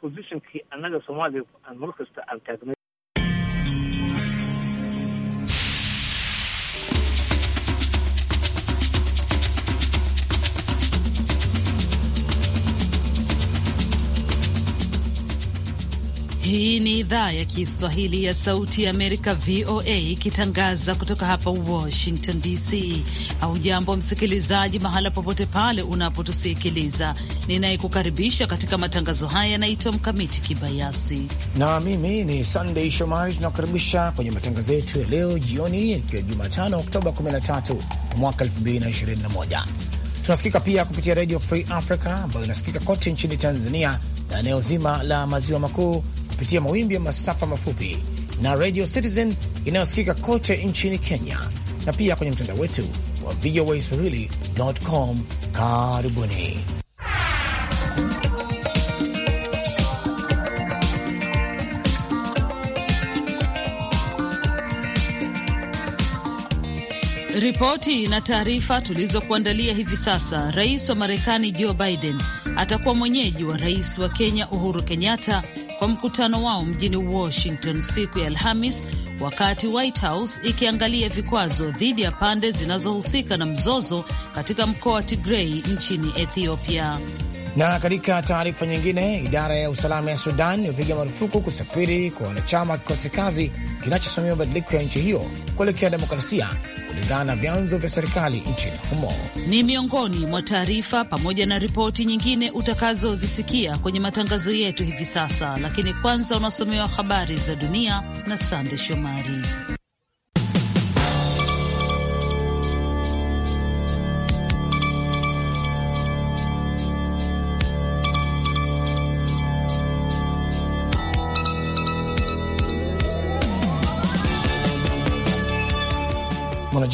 positionkii annaga soomaaliya aan mar kasta aan taagna Hii ni idhaa ya Kiswahili ya Sauti ya Amerika, VOA, ikitangaza kutoka hapa Washington DC. Haujambo msikilizaji, mahala popote pale unapotusikiliza. Ninayekukaribisha katika matangazo haya yanaitwa Mkamiti Kibayasi na mimi ni Sandey Shomari. Tunakukaribisha kwenye matangazo yetu ya leo jioni, ikiwa Jumatano Oktoba 13 mwaka 2021. Tunasikika pia kupitia Redio Free Africa ambayo inasikika kote nchini Tanzania na eneo zima la maziwa makuu kupitia mawimbi ya masafa mafupi na Radio Citizen inayosikika kote nchini Kenya na pia kwenye mtandao wetu wa VOA Swahili.com. Karibuni. Ripoti na taarifa tulizokuandalia hivi sasa. Rais wa Marekani Joe Biden atakuwa mwenyeji wa rais wa Kenya Uhuru Kenyatta kwa mkutano wao mjini Washington siku ya Alhamis, wakati White House ikiangalia vikwazo dhidi ya pande zinazohusika na mzozo katika mkoa wa Tigrei nchini Ethiopia. Na katika taarifa nyingine, idara ya usalama ya Sudan imepiga marufuku kusafiri kwa wanachama wa kikosi kazi kinachosimamia mabadiliko ya nchi hiyo kuelekea demokrasia, kulingana na vyanzo vya serikali nchini humo. Ni miongoni mwa taarifa pamoja na ripoti nyingine utakazozisikia kwenye matangazo yetu hivi sasa, lakini kwanza unasomewa habari za dunia na Sande Shomari.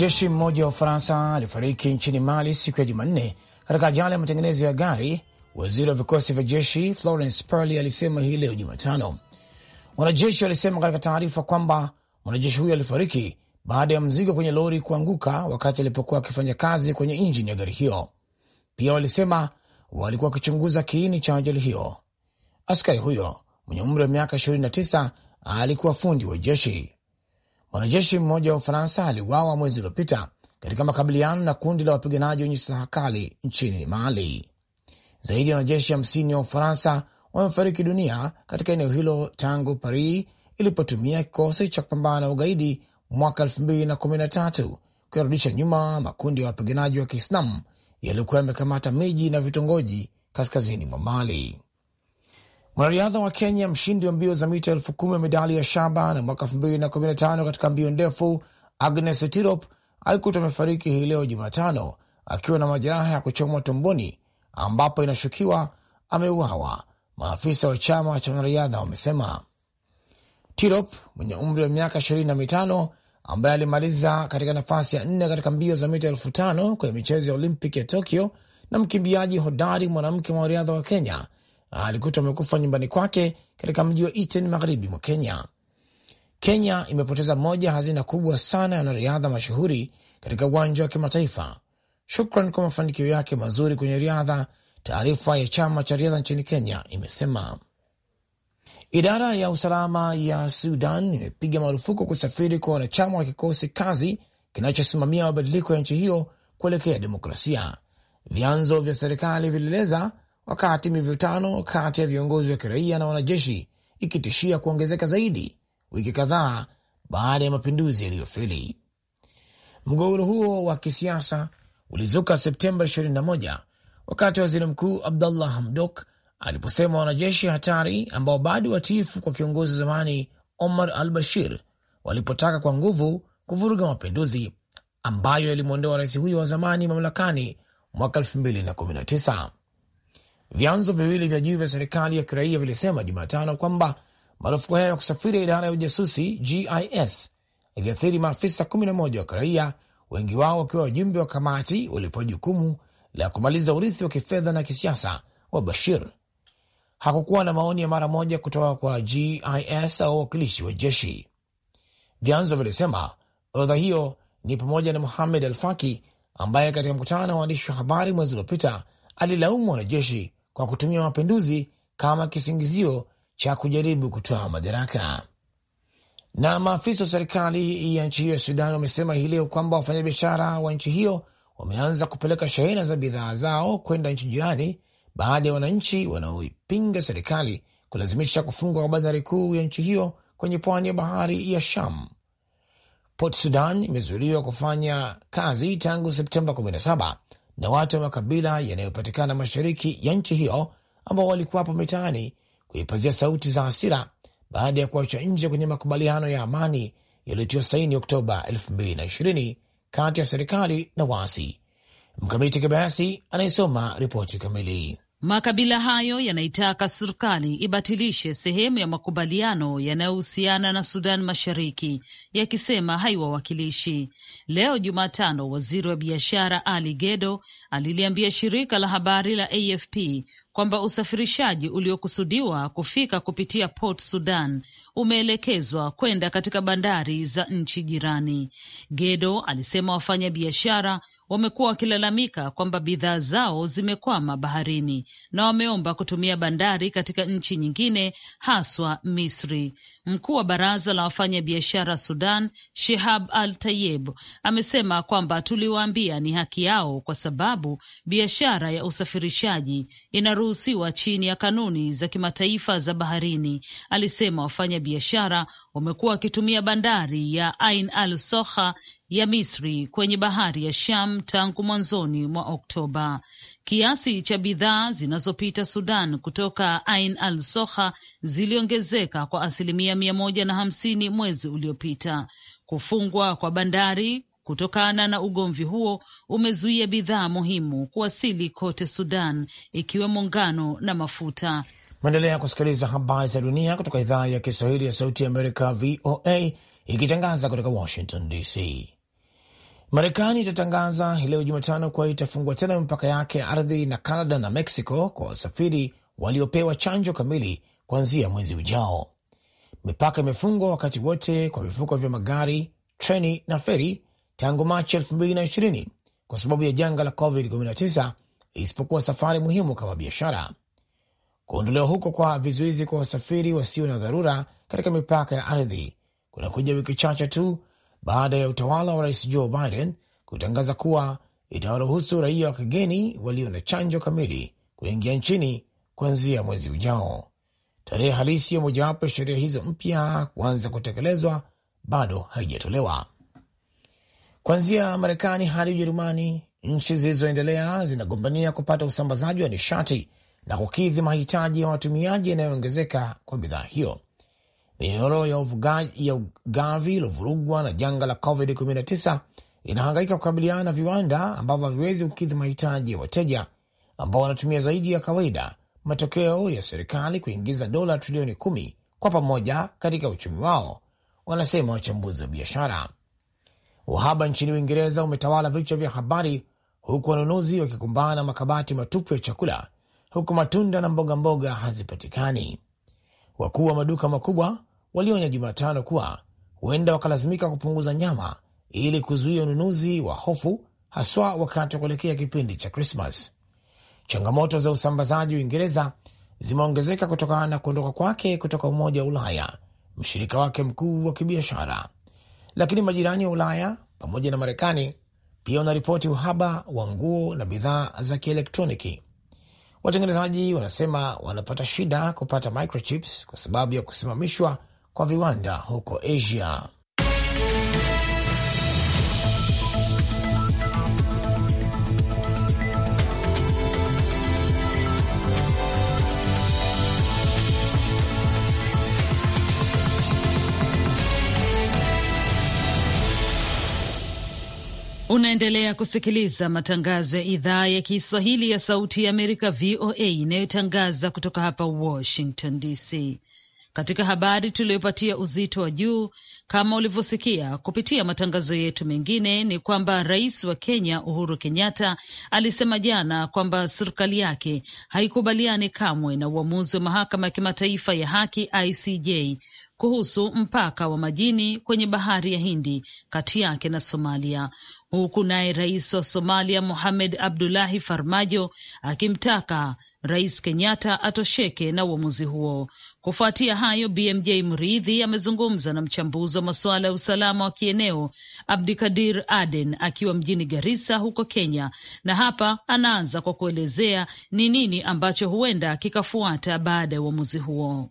Mwanajeshi mmoja wa Ufaransa alifariki nchini Mali siku ya Jumanne katika ajali ya matengenezo ya gari. Waziri wa vikosi vya jeshi Florence Parly alisema hii leo Jumatano. Wanajeshi walisema katika taarifa kwamba mwanajeshi huyo alifariki baada ya mzigo kwenye lori kuanguka wakati alipokuwa akifanya kazi kwenye injini ya gari hiyo. Pia walisema walikuwa wakichunguza kiini cha ajali hiyo. Askari huyo mwenye umri wa miaka 29 alikuwa fundi wa jeshi. Mwanajeshi mmoja wa Ufaransa aliuawa mwezi uliopita katika makabiliano na kundi la wapiganaji wenye silaha kali nchini Mali. Zaidi ya wanajeshi hamsini wa Ufaransa wamefariki dunia katika eneo hilo tangu Paris ilipotumia kikosi cha kupambana na ugaidi mwaka elfu mbili na kumi na tatu kuyarudisha nyuma makundi ya wapiganaji wa Kiislamu yaliyokuwa yamekamata miji na vitongoji kaskazini mwa Mali. Mwanariadha wa Kenya, mshindi wa mbio za mita elfu kumi wa medali ya shaba na mwaka elfu mbili na kumi na tano katika mbio ndefu, Agnes Tirop alikutwa amefariki hii leo Jumatano akiwa na majeraha ya kuchomwa tumboni, ambapo inashukiwa ameuawa, maafisa wa chama cha wanariadha wamesema. Tirop mwenye umri wa miaka ishirini na mitano ambaye alimaliza katika nafasi ya nne katika mbio za mita elfu tano kwenye michezo ya Olimpiki ya Tokyo na mkimbiaji hodari mwanamke mwanariadha wa Kenya Ah, alikuta amekufa nyumbani kwake katika mji wa Iten, magharibi mwa Kenya. Kenya imepoteza moja hazina kubwa sana ya wanariadha mashuhuri katika uwanja wa kimataifa, shukran kwa mafanikio yake mazuri kwenye riadha, taarifa ya chama cha riadha nchini Kenya imesema. Idara ya usalama ya Sudan imepiga marufuku kusafiri kwa wanachama wa kikosi kazi kinachosimamia mabadiliko ya nchi hiyo kuelekea demokrasia. Vyanzo vya serikali vilieleza wakati mivutano kati ya viongozi wa kiraia na wanajeshi ikitishia kuongezeka zaidi wiki kadhaa baada ya mapinduzi yaliyofeli. Mgogoro huo wa kisiasa ulizuka Septemba 21 wakati waziri mkuu Abdullah Hamdok aliposema wanajeshi hatari ambao bado watiifu kwa kiongozi zamani Omar al Bashir walipotaka kwa nguvu kuvuruga mapinduzi ambayo yalimwondoa rais huyo wa zamani mamlakani mwaka 2019. Vyanzo viwili vya juu vya serikali ya kiraia vilisema Jumatano kwamba marufuku hayo ya kusafiri ya idara ya ujasusi GIS iliathiri maafisa 11 wa kiraia, wengi wao wakiwa wajumbe wa kamati walipewa jukumu la kumaliza urithi wa kifedha na kisiasa wa Bashir. Hakukuwa na maoni ya mara moja kutoka kwa GIS au wakilishi wa jeshi. Vyanzo vilisema orodha hiyo ni pamoja na Muhamed Alfaki ambaye katika mkutano wa waandishi wa habari mwezi uliopita alilaumu wanajeshi kwa kutumia mapinduzi kama kisingizio cha kujaribu kutoa madaraka. Na maafisa wa serikali ya nchi hiyo ya Sudan wamesema hii leo kwamba wafanyabiashara wa nchi hiyo wameanza kupeleka shehena za bidhaa zao kwenda nchi jirani baada ya wananchi wanaoipinga serikali kulazimisha kufungwa kwa bandari kuu ya nchi hiyo kwenye pwani ya bahari ya Sham. Port Sudan imezuiliwa kufanya kazi tangu Septemba 17 na watu wa makabila yanayopatikana mashariki ya nchi hiyo ambao walikuwapo mitaani kuipazia sauti za hasira baada ya kuachwa nje kwenye makubaliano ya amani yaliyotiwa saini Oktoba 2020 kati ya serikali na waasi. Mkamiti Kibayasi anayesoma ripoti kamili. Makabila hayo yanaitaka serikali ibatilishe sehemu ya makubaliano yanayohusiana na Sudan Mashariki, yakisema haiwawakilishi. Leo Jumatano, waziri wa biashara Ali Gedo aliliambia shirika la habari la AFP kwamba usafirishaji uliokusudiwa kufika kupitia Port Sudan umeelekezwa kwenda katika bandari za nchi jirani. Gedo alisema wafanyabiashara wamekuwa wakilalamika kwamba bidhaa zao zimekwama baharini na wameomba kutumia bandari katika nchi nyingine haswa Misri. Mkuu wa baraza la wafanya biashara Sudan, Shihab al Tayeb, amesema kwamba tuliwaambia ni haki yao, kwa sababu biashara ya usafirishaji inaruhusiwa chini ya kanuni za kimataifa za baharini. Alisema wafanya biashara wamekuwa wakitumia bandari ya Ain al Soha ya Misri kwenye bahari ya Sham tangu mwanzoni mwa Oktoba. Kiasi cha bidhaa zinazopita Sudan kutoka Ain al Soha ziliongezeka kwa asilimia mia moja na hamsini mwezi uliopita. Kufungwa kwa bandari kutokana na ugomvi huo umezuia bidhaa muhimu kuwasili kote Sudan, ikiwemo ngano na mafuta. Maendelea kusikiliza habari za dunia kutoka idhaa ya Kiswahili ya Sauti ya Amerika, VOA, ikitangaza kutoka Washington DC. Marekani itatangaza hii leo Jumatano kuwa itafungua tena mipaka yake ya ardhi na Canada na Mexico kwa wasafiri waliopewa chanjo kamili kuanzia mwezi ujao. Mipaka imefungwa wakati wote kwa vivuko vya magari, treni na feri tangu Machi 2020 kwa sababu ya janga la COVID-19, isipokuwa safari muhimu kama biashara. Kuondolewa huko kwa vizuizi kwa wasafiri wasio na dharura katika mipaka ya ardhi kunakuja wiki chache tu baada ya utawala wa rais Joe Biden kutangaza kuwa itawaruhusu raia wa kigeni walio na chanjo kamili kuingia nchini kuanzia mwezi ujao. Tarehe halisi ya mojawapo ya sheria hizo mpya kuanza kutekelezwa bado haijatolewa. Kuanzia Marekani hadi Ujerumani, nchi zilizoendelea zinagombania kupata usambazaji wa nishati na kukidhi mahitaji ya watumiaji yanayoongezeka kwa bidhaa hiyo. Minyororo ya ya ugavi ulovurugwa na janga la COVID-19 inahangaika kukabiliana na viwanda ambavyo haviwezi kukidhi mahitaji ya wateja ambao wanatumia zaidi ya kawaida, matokeo ya serikali kuingiza dola trilioni kumi kwa pamoja katika uchumi wao, wanasema wachambuzi wa biashara. Uhaba nchini Uingereza umetawala vichwa vya habari, huku wanunuzi wakikumbana na makabati matupu ya chakula, huku matunda na mboga mboga hazipatikani. Wakuu wa maduka makubwa walionya Jumatano kuwa huenda wakalazimika kupunguza nyama ili kuzuia ununuzi wa hofu, haswa wakati wa kuelekea kipindi cha Krismas. Changamoto za usambazaji Uingereza zimeongezeka kutokana na kuondoka kwake kutoka Umoja wa Ulaya, mshirika wake mkuu wa kibiashara. Lakini majirani wa Ulaya pamoja na Marekani pia wanaripoti uhaba wa nguo na bidhaa za kielektroniki. Watengenezaji wanasema wanapata shida kupata microchips kwa sababu ya kusimamishwa kwa viwanda huko Asia. Unaendelea kusikiliza matangazo ya idhaa ya Kiswahili ya Sauti ya Amerika, VOA, inayotangaza kutoka hapa Washington DC. Katika habari tuliyopatia uzito wa juu kama ulivyosikia kupitia matangazo yetu mengine ni kwamba rais wa Kenya Uhuru Kenyatta alisema jana kwamba serikali yake haikubaliani kamwe na uamuzi wa mahakama ya kimataifa ya haki ICJ kuhusu mpaka wa majini kwenye bahari ya Hindi kati yake na Somalia, huku naye rais wa Somalia Mohamed Abdullahi Farmajo akimtaka rais Kenyatta atosheke na uamuzi huo. Kufuatia hayo, BMJ Mridhi amezungumza na mchambuzi wa masuala ya usalama wa kieneo Abdikadir Aden akiwa mjini Garissa huko Kenya, na hapa anaanza kwa kuelezea ni nini ambacho huenda kikafuata baada ya uamuzi huo.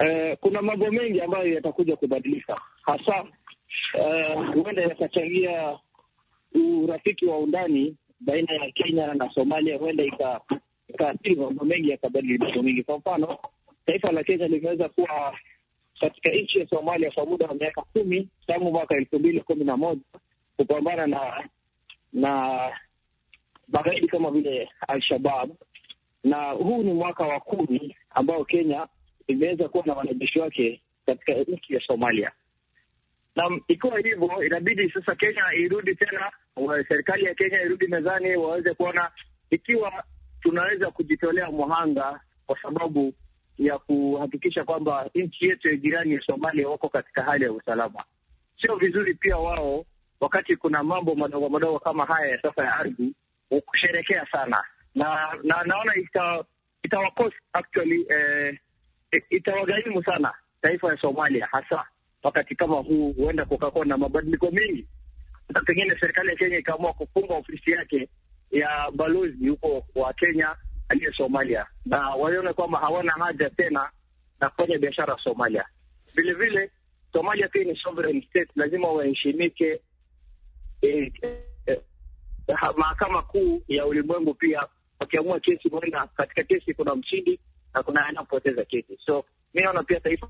Eh, kuna mambo mengi ambayo yatakuja kubadilika, hasa eh, huenda eh, yakachangia urafiki wa undani baina ya Kenya na Somalia, huenda ikaathiri mambo mengi, yakabadili mambo mengi. Kwa mfano taifa la Kenya limeweza kuwa katika nchi ya Somalia kwa muda wa miaka kumi tangu mwaka elfu mbili kumi na moja kupambana na na magaidi kama vile Al-Shabab, na huu ni mwaka wa kumi ambao Kenya imeweza kuwa na wanajeshi wake katika nchi ya Somalia. Na ikiwa hivyo, inabidi sasa Kenya irudi tena, serikali ya Kenya irudi mezani, waweze kuona ikiwa tunaweza kujitolea mwhanga kwa sababu ya kuhakikisha kwamba nchi yetu ya jirani ya Somalia wako katika hali ya usalama. Sio vizuri pia wao, wakati kuna mambo madogo madogo kama haya ya sasa ya ardhi, kusherekea sana na, na naona ita, itawakosi actually eh, itawagharimu sana taifa ya Somalia, hasa wakati kama huu, huenda kukakuwa na mabadiliko mengi, hata pengine serikali ya Kenya ikaamua kufunga ofisi yake ya balozi huko wa Kenya aliye Somalia, na waliona kwamba hawana haja tena na kufanya biashara Somalia. Vile vile Somalia pia ni sovereign state, lazima waheshimike. Eh, eh, mahakama kuu ya ulimwengu pia wakiamua kesi, huenda katika kesi kuna mshindi na kuna anapoteza kesi. So mi naona pia taifa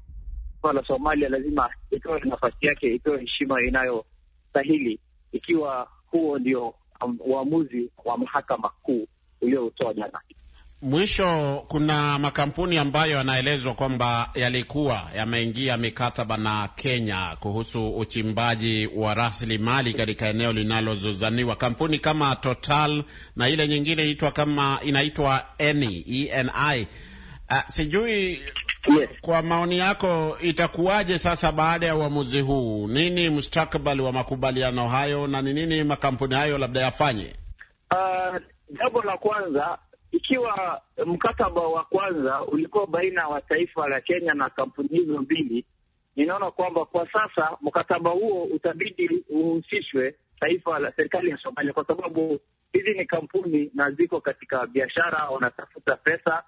la Somalia lazima na nafasi yake, itoe heshima inayostahili, ikiwa huo ndio um, uamuzi um, wa mahakama kuu uliotoa jana. Mwisho, kuna makampuni ambayo yanaelezwa kwamba yalikuwa yameingia mikataba na Kenya kuhusu uchimbaji wa rasilimali katika eneo linalozozaniwa. Kampuni kama Total na ile nyingine inaitwa kama inaitwa Eni, Eni. Uh, ah, sijui yes. Kwa maoni yako itakuwaje sasa baada ya uamuzi huu? Nini mustakabali wa makubaliano hayo na ni nini makampuni hayo labda yafanye? Uh, jambo la kwanza ikiwa mkataba wa kwanza ulikuwa baina wa taifa la Kenya na kampuni hizo mbili, ninaona kwamba kwa sasa mkataba huo utabidi uhusishwe taifa la serikali ya Somalia, kwa sababu hizi ni kampuni na ziko katika biashara, wanatafuta pesa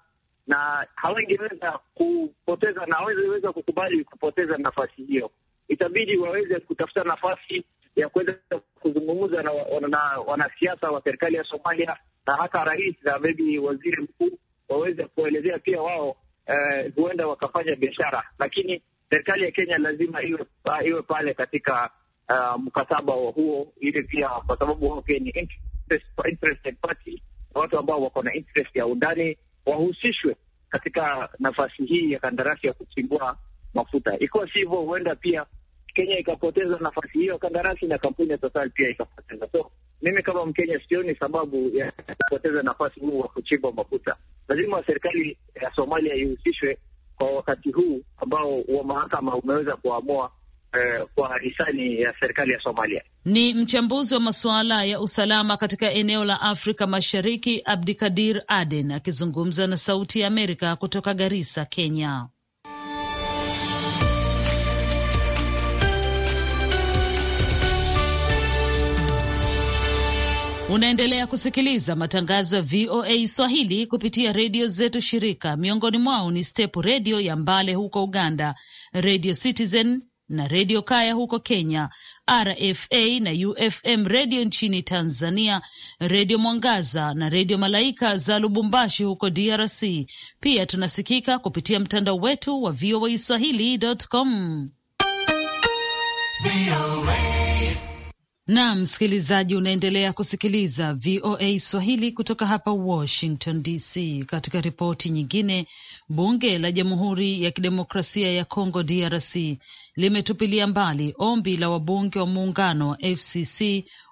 na hawangeweza kupoteza na hawangeweza kukubali kupoteza nafasi hiyo. Itabidi waweze kutafuta nafasi ya kuweza kuzungumza na wanasiasa wa serikali ya Somalia na hata rais na maybe waziri mkuu waweze kuelezea pia wao eh, huenda wakafanya biashara, lakini serikali ya Kenya lazima iwe, iwe pale katika uh, mkataba huo, ili pia kwa sababu wao pia ni interest, interest party, watu ambao wako na interest ya undani wahusishwe katika nafasi hii ya kandarasi ya kuchimbua mafuta. Ikiwa sivyo, huenda pia Kenya ikapoteza nafasi hiyo kandarasi na kampuni ya Total pia ikapoteza. So mimi kama Mkenya sioni sababu ya kupoteza nafasi huu wa kuchimba mafuta. Lazima serikali ya Somalia ihusishwe kwa wakati huu ambao wa mahakama umeweza kuamua eh, kwa hisani ya serikali ya Somalia. Ni mchambuzi wa masuala ya usalama katika eneo la Afrika Mashariki, Abdikadir Aden akizungumza na Sauti ya Amerika kutoka Garissa, Kenya. Unaendelea kusikiliza matangazo ya VOA Swahili kupitia redio zetu shirika, miongoni mwao ni Step redio ya Mbale huko Uganda, redio Citizen na redio Kaya huko Kenya, RFA na UFM redio nchini Tanzania, redio Mwangaza na redio Malaika za Lubumbashi huko DRC. Pia tunasikika kupitia mtandao wetu wa voa voaswahili.com. Na msikilizaji, unaendelea kusikiliza VOA Swahili kutoka hapa Washington DC. Katika ripoti nyingine, bunge la Jamhuri ya Kidemokrasia ya Kongo DRC limetupilia mbali ombi la wabunge wa muungano wa FCC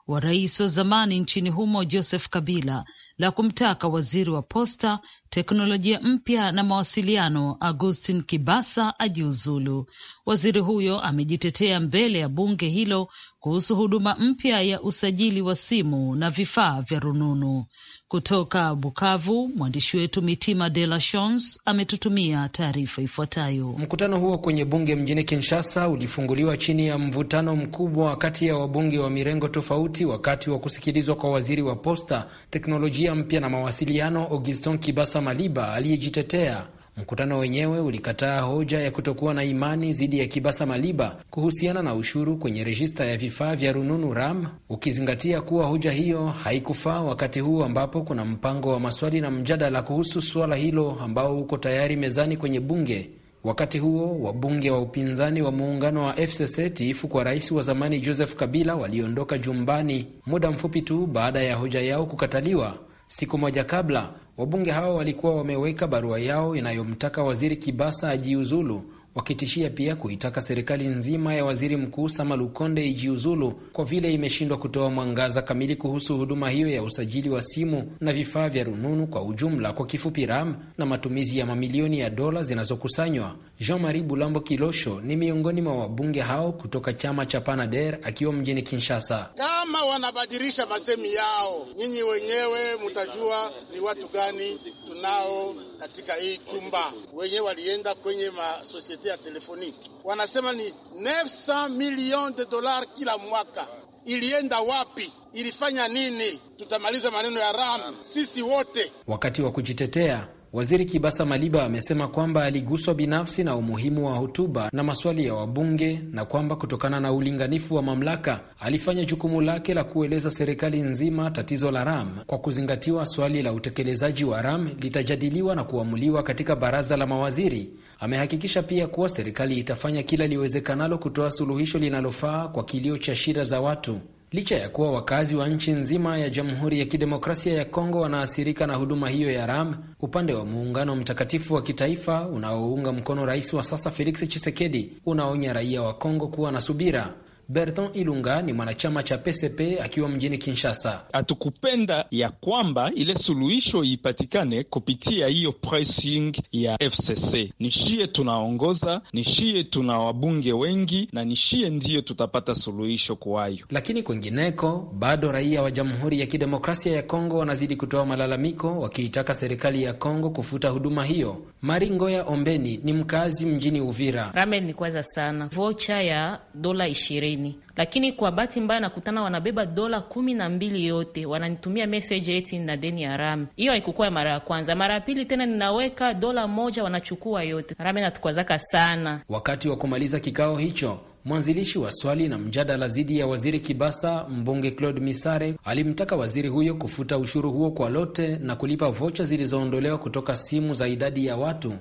wa rais wa zamani nchini humo Joseph Kabila la kumtaka waziri wa posta, teknolojia mpya na mawasiliano Augustin Kibasa ajiuzulu. Waziri huyo amejitetea mbele ya bunge hilo kuhusu huduma mpya ya usajili wa simu na vifaa vya rununu. Kutoka Bukavu, mwandishi wetu Mitima De La Chance ametutumia taarifa ifuatayo. Mkutano huo kwenye bunge mjini Kinshasa ulifunguliwa chini ya mvutano mkubwa kati ya wabunge wa mirengo tofauti wakati wa kusikilizwa kwa waziri wa posta, teknolojia mpya na mawasiliano, Augustin Kibasa Maliba aliyejitetea Mkutano wenyewe ulikataa hoja ya kutokuwa na imani dhidi ya Kibasa Maliba kuhusiana na ushuru kwenye rejista ya vifaa vya rununu RAM, ukizingatia kuwa hoja hiyo haikufaa wakati huu ambapo kuna mpango wa maswali na mjadala kuhusu suala hilo ambao uko tayari mezani kwenye bunge. Wakati huo wabunge wa upinzani wa muungano wa FCC tiifu kwa rais wa zamani Joseph Kabila waliondoka jumbani muda mfupi tu baada ya hoja yao kukataliwa. Siku moja kabla Wabunge hao walikuwa wameweka barua yao inayomtaka waziri Kibasa ajiuzulu wakitishia pia kuitaka serikali nzima ya waziri mkuu Sama Lukonde ijiuzulu kwa vile imeshindwa kutoa mwangaza kamili kuhusu huduma hiyo ya usajili wa simu na vifaa vya rununu kwa ujumla, kwa kifupi RAM, na matumizi ya mamilioni ya dola zinazokusanywa. Jean Marie Bulambo Kilosho ni miongoni mwa wabunge hao kutoka chama cha Panader akiwa mjini Kinshasa. Kama wanabadilisha masemi yao, nyinyi wenyewe mtajua ni watu gani tunao katika hii chumba. Wenyewe walienda kwenye masosiete ya telefoniki, wanasema ni 900 millions de dollars kila mwaka. Ilienda wapi? Ilifanya nini? Tutamaliza maneno ya ram sisi wote, wakati wa kujitetea Waziri Kibasa Maliba amesema kwamba aliguswa binafsi na umuhimu wa hotuba na maswali ya wabunge na kwamba kutokana na ulinganifu wa mamlaka alifanya jukumu lake la kueleza serikali nzima tatizo la RAM kwa kuzingatiwa swali la utekelezaji wa RAM litajadiliwa na kuamuliwa katika baraza la mawaziri. Amehakikisha pia kuwa serikali itafanya kila liwezekanalo kutoa suluhisho linalofaa kwa kilio cha shida za watu licha ya kuwa wakazi wa nchi nzima ya Jamhuri ya Kidemokrasia ya Kongo wanaathirika na huduma hiyo ya RAM. Upande wa Muungano Mtakatifu wa Kitaifa unaounga mkono rais wa sasa Felix Tshisekedi unaonya raia wa Kongo kuwa na subira. Berton Ilunga ni mwanachama cha PCP akiwa mjini Kinshasa. Hatukupenda ya kwamba ile suluhisho ipatikane kupitia hiyo pressing ya FCC. Ni shie tunaongoza, ni shie tuna wabunge wengi, na ni shie ndiyo tutapata suluhisho kwayo. Lakini kwengineko bado raia wa Jamhuri ya Kidemokrasia ya Kongo wanazidi kutoa malalamiko wakiitaka serikali ya Kongo kufuta huduma hiyo. Mari Ngoya Ombeni ni mkazi mjini Uvira. Ramen ni kwaza sana vocha ya dola ishirini ishirini, lakini kwa bahati mbaya nakutana wanabeba dola kumi na mbili yote wananitumia meseji eti na deni ya rame. Hiyo haikukuwa ya mara ya kwanza. Mara ya pili tena ninaweka dola moja wanachukua yote. Rame natukwazaka sana. Wakati wa kumaliza kikao hicho Mwanzilishi wa swali na mjadala dhidi ya waziri Kibasa, mbunge Claude Misare alimtaka waziri huyo kufuta ushuru huo kwa lote na kulipa vocha zilizoondolewa kutoka simu za idadi ya watu.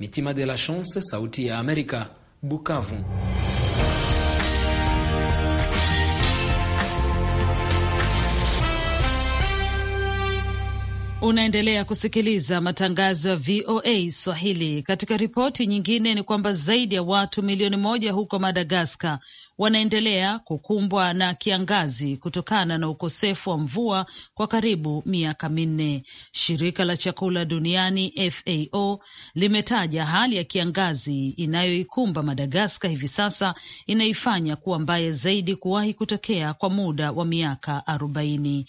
Mitima de la Chance, Sauti ya Amerika, Bukavu. Unaendelea kusikiliza matangazo ya VOA Swahili. Katika ripoti nyingine ni kwamba zaidi ya watu milioni moja huko Madagaskar wanaendelea kukumbwa na kiangazi kutokana na ukosefu wa mvua kwa karibu miaka minne. Shirika la chakula duniani FAO limetaja hali ya kiangazi inayoikumba Madagaskar hivi sasa inaifanya kuwa mbaya zaidi kuwahi kutokea kwa muda wa miaka arobaini.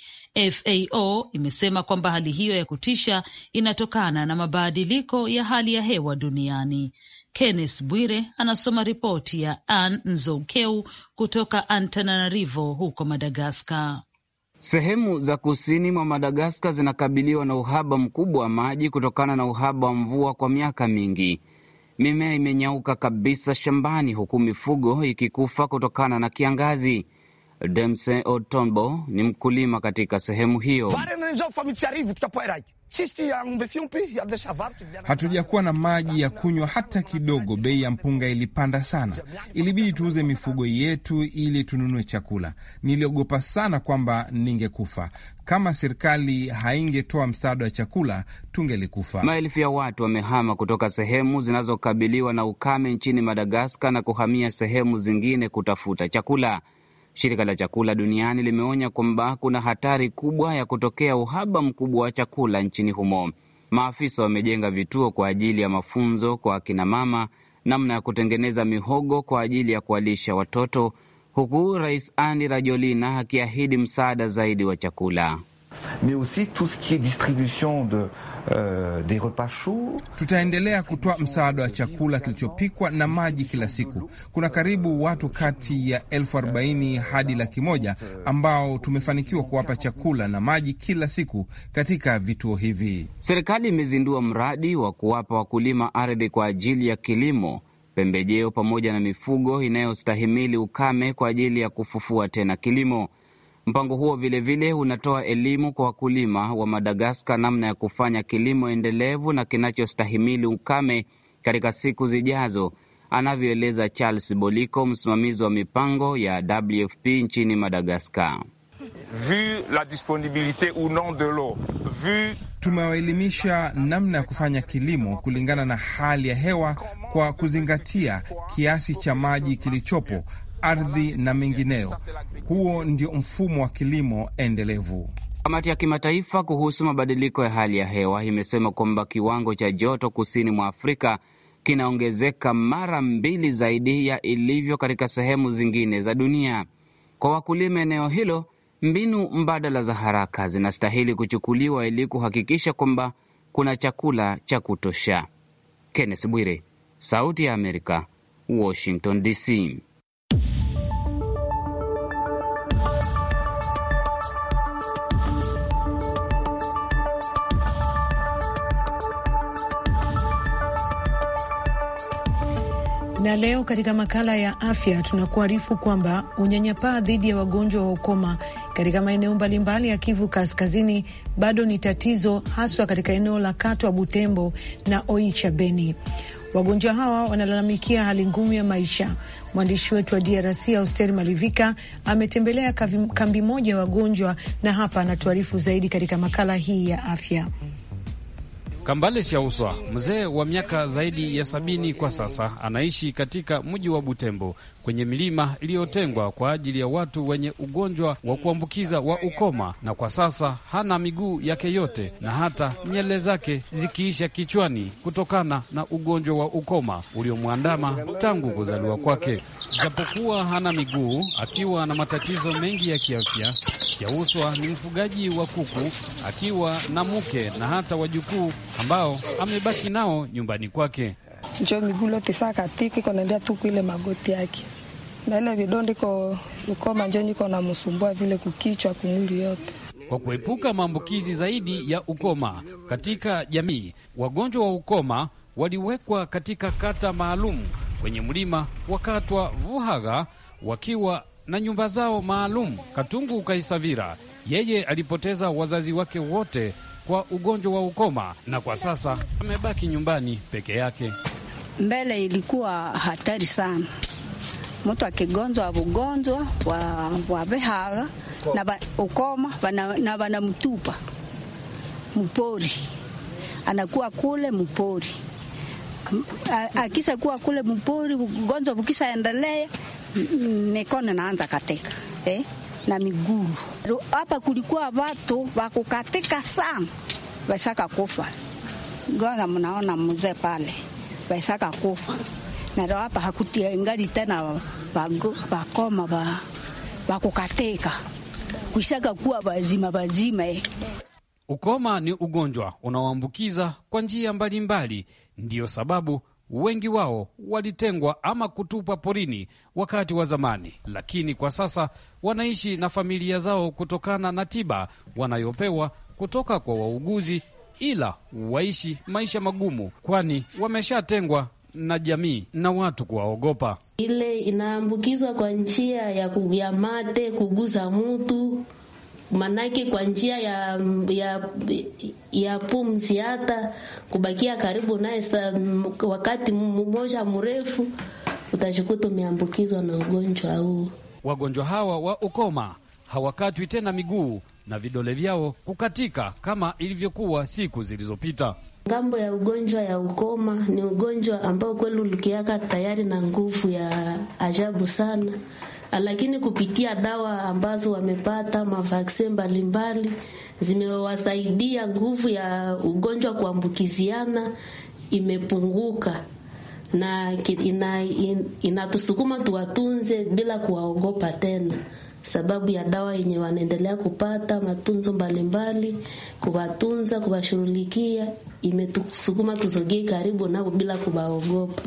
FAO imesema kwamba hali hiyo ya kutisha inatokana na mabadiliko ya hali ya hewa duniani. Kenneth Bwire anasoma ripoti ya Ann Nzoukeu kutoka Antananarivo huko Madagaskar. Sehemu za kusini mwa Madagaskar zinakabiliwa na uhaba mkubwa wa maji kutokana na uhaba wa mvua kwa miaka mingi. Mimea imenyauka kabisa shambani, huku mifugo ikikufa kutokana na kiangazi. Demse Otombo ni mkulima katika sehemu hiyo. Hatujakuwa na maji ya kunywa hata kidogo. Bei ya mpunga ilipanda sana, ilibidi tuuze mifugo yetu ili tununue chakula. Niliogopa sana kwamba ningekufa. Kama serikali haingetoa msaada wa chakula, tungelikufa. Maelfu ya watu wamehama kutoka sehemu zinazokabiliwa na ukame nchini Madagaskar na kuhamia sehemu zingine kutafuta chakula. Shirika la chakula duniani limeonya kwamba kuna hatari kubwa ya kutokea uhaba mkubwa wa chakula nchini humo. Maafisa wamejenga vituo kwa ajili ya mafunzo kwa akinamama namna ya kutengeneza mihogo kwa ajili ya kuwalisha watoto, huku Rais Andi rajolina akiahidi msaada zaidi wa chakula. Mais aussi tout ce qui est distribution de Euh, Tutaendelea kutoa msaada wa chakula kilichopikwa na maji kila siku. Kuna karibu watu kati ya elfu arobaini hadi laki moja ambao tumefanikiwa kuwapa chakula na maji kila siku katika vituo hivi. Serikali imezindua mradi wa kuwapa wakulima ardhi kwa ajili ya kilimo, pembejeo pamoja na mifugo inayostahimili ukame kwa ajili ya kufufua tena kilimo. Mpango huo vilevile vile unatoa elimu kwa wakulima wa Madagaskar namna ya kufanya kilimo endelevu na kinachostahimili ukame katika siku zijazo, anavyoeleza Charles Boliko, msimamizi wa mipango ya WFP nchini Madagaskar. Tumewaelimisha namna ya kufanya kilimo kulingana na hali ya hewa kwa kuzingatia kiasi cha maji kilichopo, ardhi na mengineo Huo ndio mfumo wa kilimo endelevu. Kamati ya kimataifa kuhusu mabadiliko ya hali ya hewa imesema kwamba kiwango cha joto kusini mwa Afrika kinaongezeka mara mbili zaidi ya ilivyo katika sehemu zingine za dunia. Kwa wakulima eneo hilo, mbinu mbadala za haraka zinastahili kuchukuliwa ili kuhakikisha kwamba kuna chakula cha kutosha. Kenneth Bwire, Sauti ya Amerika, Washington DC. Na leo katika makala ya afya tunakuarifu kwamba unyanyapaa dhidi ya wagonjwa wa ukoma katika maeneo mbalimbali ya Kivu Kaskazini bado ni tatizo, haswa katika eneo la Katwa, Butembo na Oicha, Beni. Wagonjwa hawa wanalalamikia hali ngumu ya maisha. Mwandishi wetu wa DRC Austeri Malivika ametembelea kambi moja ya wagonjwa na hapa anatuarifu zaidi katika makala hii ya afya. Kambale Shauswa, mzee wa miaka zaidi ya sabini kwa sasa, anaishi katika mji wa Butembo kwenye milima iliyotengwa kwa ajili ya watu wenye ugonjwa wa kuambukiza wa ukoma, na kwa sasa hana miguu yake yote na hata nyele zake zikiisha kichwani kutokana na ugonjwa wa ukoma uliomwandama tangu kuzaliwa kwake. Japokuwa hana miguu, akiwa na matatizo mengi ya kiafya, Kyauswa ni mfugaji wa kuku akiwa na mke na hata wajukuu ambao amebaki nao nyumbani kwake. Njo miguu lote saa katiki konaendea tuku ile magoti yake na ile vidonda iko ukoma manjoni iko na msumbua vile kukichwa kumwili yote. Kwa kuepuka maambukizi zaidi ya ukoma katika jamii, wagonjwa wa ukoma waliwekwa katika kata maalum kwenye mlima wakatwa Vuhaga wakiwa na nyumba zao maalum. Katungu Kaisavira yeye alipoteza wazazi wake wote kwa ugonjwa wa ukoma na kwa sasa amebaki nyumbani peke yake. Mbele ilikuwa hatari sana mtu akigonzwa ugonjwa wa wabehaga na ba, ukoma bana, na banamtupa mpori, anakuwa kule mpori. Akisa kuwa kule mpori, ugonjwa endelea, mikono naanza kateka eh? na miguu. Hapa kulikuwa watu wakukatika sana, waisaka kufa gona. mnaona mzee pale waisaka kufa, na hapa hakutia ngari tena bakoma ba, bakukateka kuwa vazima vazima eh. Ukoma ni ugonjwa unaoambukiza kwa njia mbalimbali, ndiyo sababu wengi wao walitengwa ama kutupwa porini wakati wa zamani, lakini kwa sasa wanaishi na familia zao kutokana na tiba wanayopewa kutoka kwa wauguzi, ila waishi maisha magumu, kwani wameshatengwa na jamii na watu kuwaogopa. Ile inaambukizwa kwa njia ya, ya mate kuguza mtu manake kwa njia ya, ya, ya pumzi, hata kubakia karibu naye wakati mmoja mrefu, utashukuta umeambukizwa na ugonjwa huu. Wagonjwa hawa wa ukoma hawakatwi tena miguu na vidole vyao kukatika kama ilivyokuwa siku zilizopita. Ngambo ya ugonjwa ya ukoma ni ugonjwa ambao kweli ulikiaka tayari na nguvu ya ajabu sana, ah, lakini kupitia dawa ambazo wamepata mavaksin mbalimbali zimewasaidia nguvu ya ugonjwa kuambukiziana imepunguka na inatusukuma ina tuwatunze bila kuwaogopa tena sababu ya dawa yenye wanaendelea kupata matunzo mbalimbali, kuwatunza, kuwashughulikia, imetusukuma tusogee karibu nao bila kuwaogopa.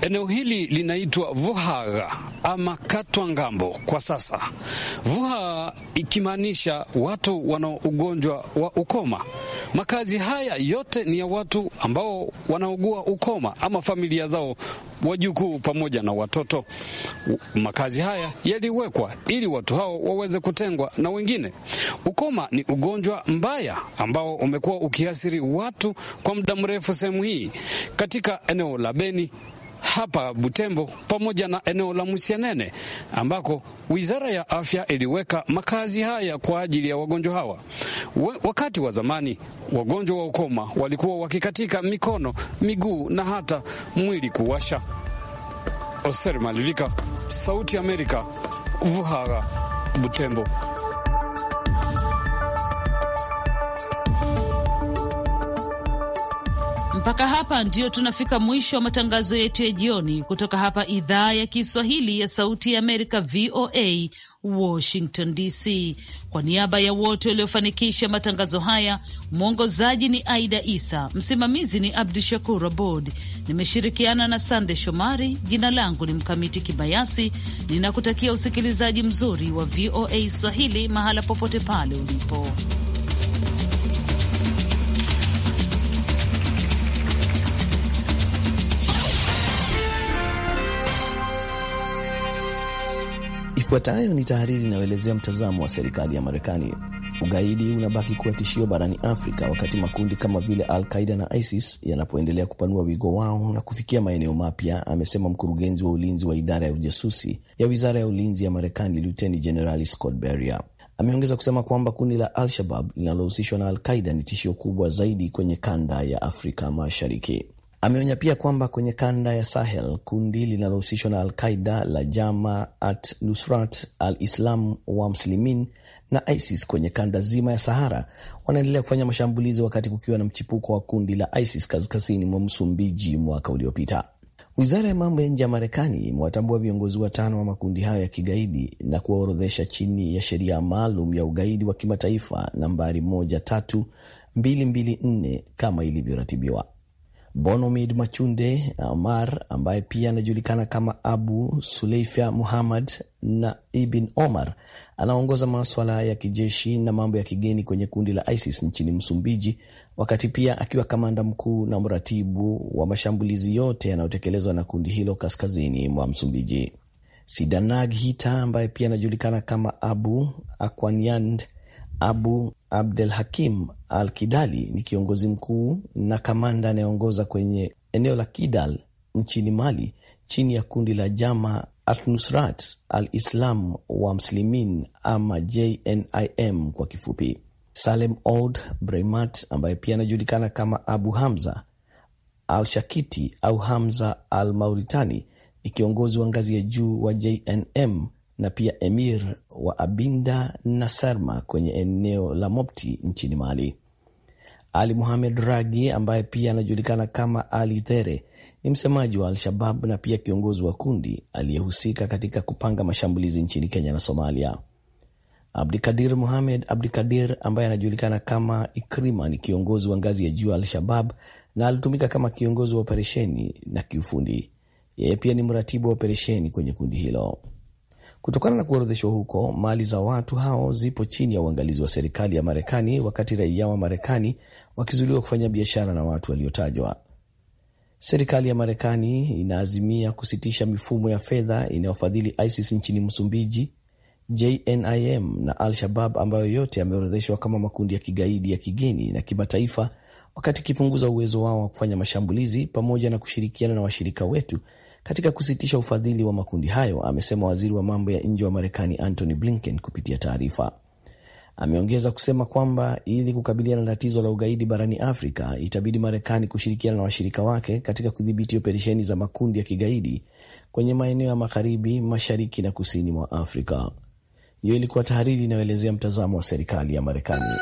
Eneo hili linaitwa Vuhaga ama Katwa Ngambo kwa sasa, Vuhaga ikimaanisha watu wana ugonjwa wa ukoma. Makazi haya yote ni ya watu ambao wanaugua ukoma ama familia zao wajukuu pamoja na watoto. Makazi haya yaliwekwa ili watu hao waweze kutengwa na wengine. Ukoma ni ugonjwa mbaya ambao umekuwa ukiathiri watu kwa muda mrefu sehemu hii katika eneo la Beni hapa Butembo pamoja na eneo la Musianene ambako wizara ya afya iliweka makazi haya kwa ajili ya wagonjwa hawa. Wakati wa zamani wagonjwa wa ukoma walikuwa wakikatika mikono, miguu na hata mwili kuwasha. Oser Malivika, Sauti Amerika, Vuhaga, Butembo. Mpaka hapa ndio tunafika mwisho wa matangazo yetu ya jioni kutoka hapa idhaa ya Kiswahili ya Sauti ya Amerika, VOA Washington DC. Kwa niaba ya wote waliofanikisha matangazo haya, mwongozaji ni Aida Isa, msimamizi ni Abdu Shakur Abod, nimeshirikiana na Sande Shomari. Jina langu ni Mkamiti Kibayasi, ninakutakia usikilizaji mzuri wa VOA Swahili mahala popote pale ulipo. Ifuatayo ni tahariri inayoelezea mtazamo wa serikali ya Marekani. Ugaidi unabaki kuwa tishio barani Afrika wakati makundi kama vile Al Qaida na ISIS yanapoendelea kupanua wigo wao na kufikia maeneo mapya, amesema mkurugenzi wa ulinzi wa idara ya ujasusi ya wizara ya ulinzi ya Marekani, Luteni Jenerali Scott Beria. Ameongeza kusema kwamba kundi la Al-Shabab linalohusishwa na Al Qaida ni tishio kubwa zaidi kwenye kanda ya Afrika Mashariki. Ameonya pia kwamba kwenye kanda ya Sahel kundi linalohusishwa na alqaida la la Jamaat Nusrat al-Islam wa Mslimin na ISIS kwenye kanda zima ya Sahara wanaendelea kufanya mashambulizi wakati kukiwa na mchipuko wa kundi la ISIS kaskazini mwa Msumbiji mwaka uliopita. Wizara ya mambo ya nje ya Marekani imewatambua viongozi watano wa makundi hayo ya kigaidi na kuwaorodhesha chini ya sheria maalum ya ugaidi wa kimataifa nambari 13224 kama ilivyoratibiwa. Bonomid Machunde Omar ambaye pia anajulikana kama Abu suleifa Muhammad na Ibn Omar anaongoza maswala ya kijeshi na mambo ya kigeni kwenye kundi la ISIS nchini Msumbiji, wakati pia akiwa kamanda mkuu na mratibu wa mashambulizi yote yanayotekelezwa na kundi hilo kaskazini mwa Msumbiji. Sidanag Hita ambaye pia anajulikana kama Abu Akwanyand Abu Abdel Hakim Al Kidali ni kiongozi mkuu na kamanda anayeongoza kwenye eneo la Kidal nchini Mali chini ya kundi la Jama Atnusrat Al Islam wa Mslimin ama JNIM kwa kifupi. Salem Old Breimat ambaye pia anajulikana kama Abu Hamza Al Shakiti au Hamza Al Mauritani ni kiongozi wa ngazi ya juu wa JNM na pia emir wa Abinda na Sarma kwenye eneo la Mopti nchini Mali. Ali Muhamed Ragi ambaye pia anajulikana kama Ali There ni msemaji wa Al-Shabab na pia kiongozi wa kundi aliyehusika katika kupanga mashambulizi nchini Kenya na Somalia. Abdikadir Muhamed Abdikadir ambaye anajulikana kama Ikrima ni kiongozi wa ngazi ya juu ya Al-Shabab na alitumika kama kiongozi wa operesheni na kiufundi. Yeye pia ni mratibu wa operesheni kwenye kundi hilo. Kutokana na kuorodheshwa huko, mali za watu hao zipo chini ya uangalizi wa serikali ya Marekani, wakati raia wa Marekani wakizuiliwa kufanya biashara na watu waliotajwa. Serikali ya Marekani inaazimia kusitisha mifumo ya fedha inayofadhili ISIS nchini Msumbiji, JNIM na Al-Shabab ambayo yote yameorodheshwa kama makundi ya kigaidi ya kigeni na kimataifa, wakati ikipunguza uwezo wao wa kufanya mashambulizi pamoja na kushirikiana na washirika wetu katika kusitisha ufadhili wa makundi hayo, amesema waziri wa mambo ya nje wa Marekani Antony Blinken kupitia taarifa. Ameongeza kusema kwamba ili kukabiliana na tatizo la ugaidi barani Afrika itabidi Marekani kushirikiana na washirika wake katika kudhibiti operesheni za makundi ya kigaidi kwenye maeneo ya magharibi, mashariki na kusini mwa Afrika. Hiyo ilikuwa tahariri inayoelezea mtazamo wa serikali ya Marekani.